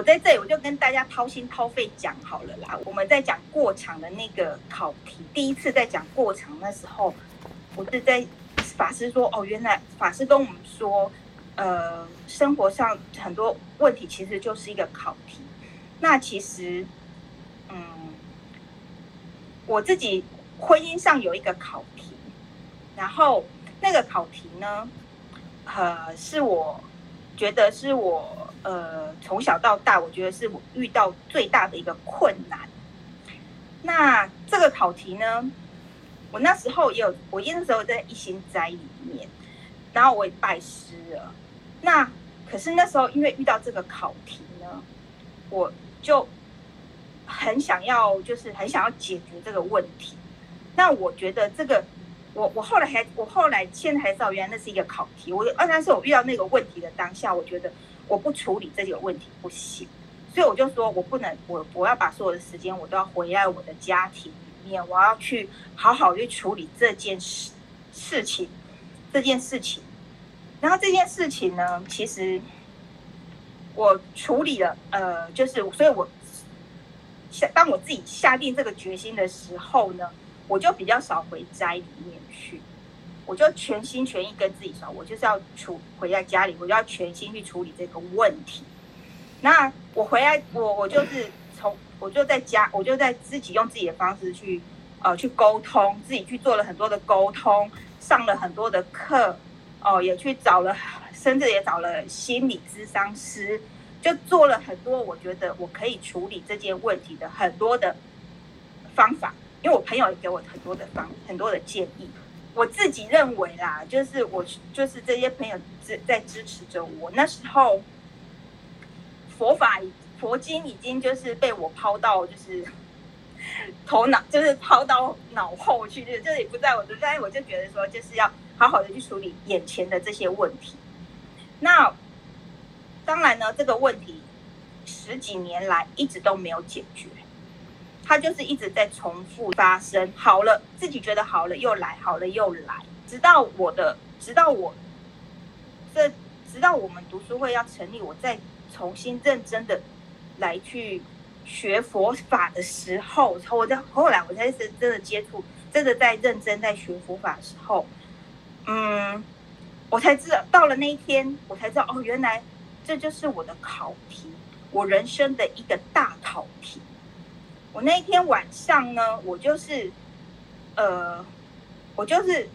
我在這裡，我就跟大家掏心掏肺講好了啦。我們在講過場的那個考題，第一次在講過場的時候，我是在法師說：“哦，原來法師跟我們說，呃，生活上很多問題其實就是一個考題。那其實，嗯，我自己婚姻上有一個考題，然後那個考題呢，呃，是我覺得是我。”呃，從小到大，我覺得是我遇到最大的一個困難。那這個考題呢，我那時候也有，我那時候在一心齋裡面，然後我也拜師了。那可是那時候因為遇到這個考題呢，我就很想要，就是很想要解決這個問題。那我覺得這個。我我後來還我後來現在才知道，原來那是一個考題。我二三四，但是我遇到那個問題的當下，我覺得我不處理這個問題不行，所以我就說我不能，我我要把所有的時間，我都要回來我的家庭裡面，我要去好好去處理這件事事情這件事情。然後這件事情呢，其實我處理了，呃，就是所以我下當我自己下定這個決心的時候呢。我就比較少回家裡面去，我就全心全意跟自己說，我就是要處，回在家裡，我就要全心去處理這個問題。那我回來，我我就是從，我就在家，我就在自己用自己的方式去，呃，去溝通，自己去做了很多的溝通，上了很多的課，哦、呃，也去找了，甚至也找了心理諮商師，就做了很多我覺得我可以處理這件問題的很多的方法。因為我朋友也給我很多的方，很多的建議，我自己認為啦，就是我就是這些朋友在在支持着我。那時候佛法佛經已經就是被我拋到就是頭腦，就是拋到腦後去，就這、是、裡不在我的，但我就覺得說，就是要好好的去處理眼前的這些問題。那當然呢，這個問題十幾年來一直都沒有解決。他就是一直在重複發生，好了，自己覺得好了又來，好了又來，直到我的，直到我，這直到我們讀書會要成立，我再重新認真的來去學佛法的時候，我在後來我才是真的接觸，真的在認真在學佛法的時候，嗯，我才知道到了那一天，我才知道哦，原來這就是我的考題，我人生的一個大考題。我那一天晚上呢，我就是，呃，我就是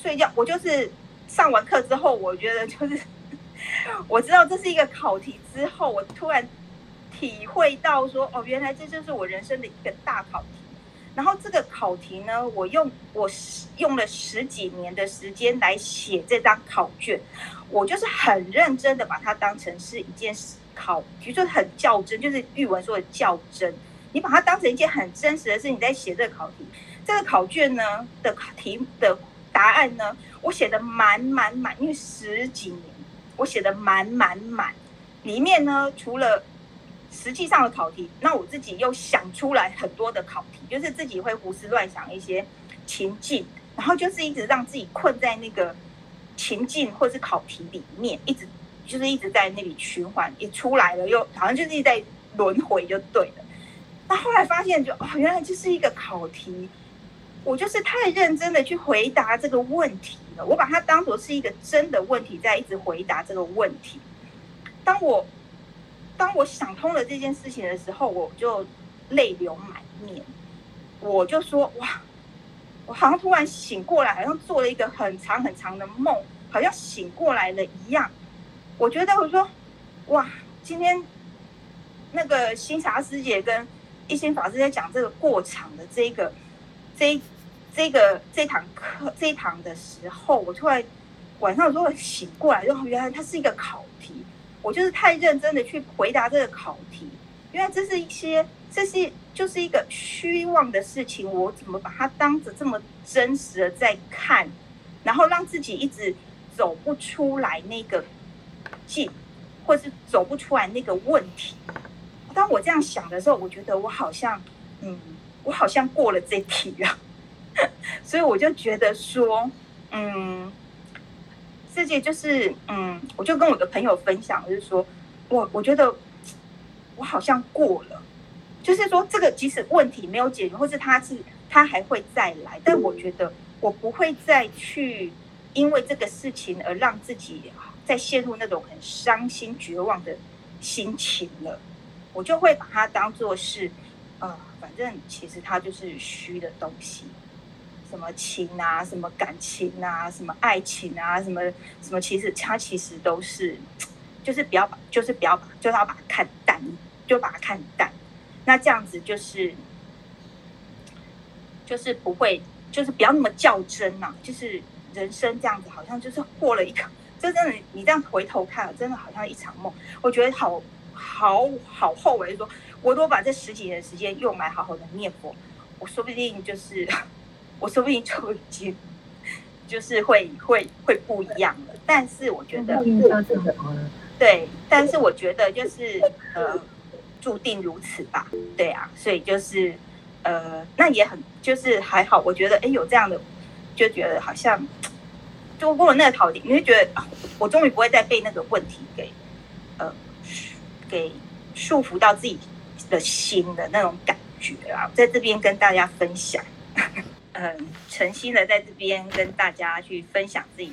睡覺，我就是上完課之後，我覺得就是我知道這是一個考題之後，我突然體會到說，哦，原來這就是我人生的一個大考題。然後這個考題呢，我用我用了十幾年的時間來寫這張考卷，我就是很認真的把它當成是一件考題，就很較真，就是語文說的較真。你把它當成一件很真實的事，你在寫這個考題，這個考卷呢的題的答案呢，我寫的滿滿滿，因為十幾年我寫的滿滿滿，裡面呢除了實際上的考題，那我自己又想出來很多的考題，就是自己會胡思亂想一些情境，然後就是一直讓自己困在那個情境或是考題裡面，一直就是一直在那裡循環，一出來了又好像就自己在輪迴，就對了。但後來發現就，就哦，原來就是一個考題，我就是太認真的去回答這個問題了，我把它當作是一個真的問題，在一直回答這個問題。當我當我想通了這件事情的時候，我就淚流滿面。我就說，哇，我好像突然醒過來，好像做了一個很長很長的夢，好像醒過來了一樣。我覺得我說，哇，今天那個新霞師姐跟。一心法師在講這個過場的這個這一這個這堂課這一堂的時候，我突然晚上我都會醒過來，就原來它是一個考題。我就是太認真的去回答這個考題，原來這是一些這是就是一個虛妄的事情。我怎麼把它當着這麼真實的在看，然後讓自己一直走不出來那個境，或是走不出來那個問題？當我這樣想的時候，我覺得我好像，嗯，我好像過了這題啊。 所以我就覺得說，嗯，世界就是，嗯，我就跟我的朋友分享，就是說我我覺得我好像過了，就是說這個即使問題沒有解決，或是他是他還會再來，但我覺得我不會再去因為這個事情而讓自己再陷入那種很傷心絕望的心情了。我就會把它當做是，呃，反正其實它就是虛的東西，什麼情啊，什麼感情啊，什麼愛情啊，什麼什麼，其實它其實都是，就是不要把，就是不要把，就是要把它看淡，就把它看淡。那這樣子就是，就是不會，就是不要那麼較真了啊。就是人生這樣子，好像就是過了一個，就真的你這樣回頭看了，真的好像一場夢。我覺得好。好好後悔、欸，就是、說我都把這十幾年時間用來好好的念佛，我說不定就是，我說不定就已經，就是會會會不一樣了，但是我覺得，嗯嗯嗯嗯、對，但是我覺得就是呃，注定如此吧。對啊，所以就是呃，那也很就是還好，我覺得哎、欸、有這樣的，就覺得好像，就過了那個考點，你會覺得、呃、我終於不會再被那個問題給。給束縛到自己的心的那種感覺啊，在這邊跟大家分享，嗯，誠心的在這邊跟大家去分享自己。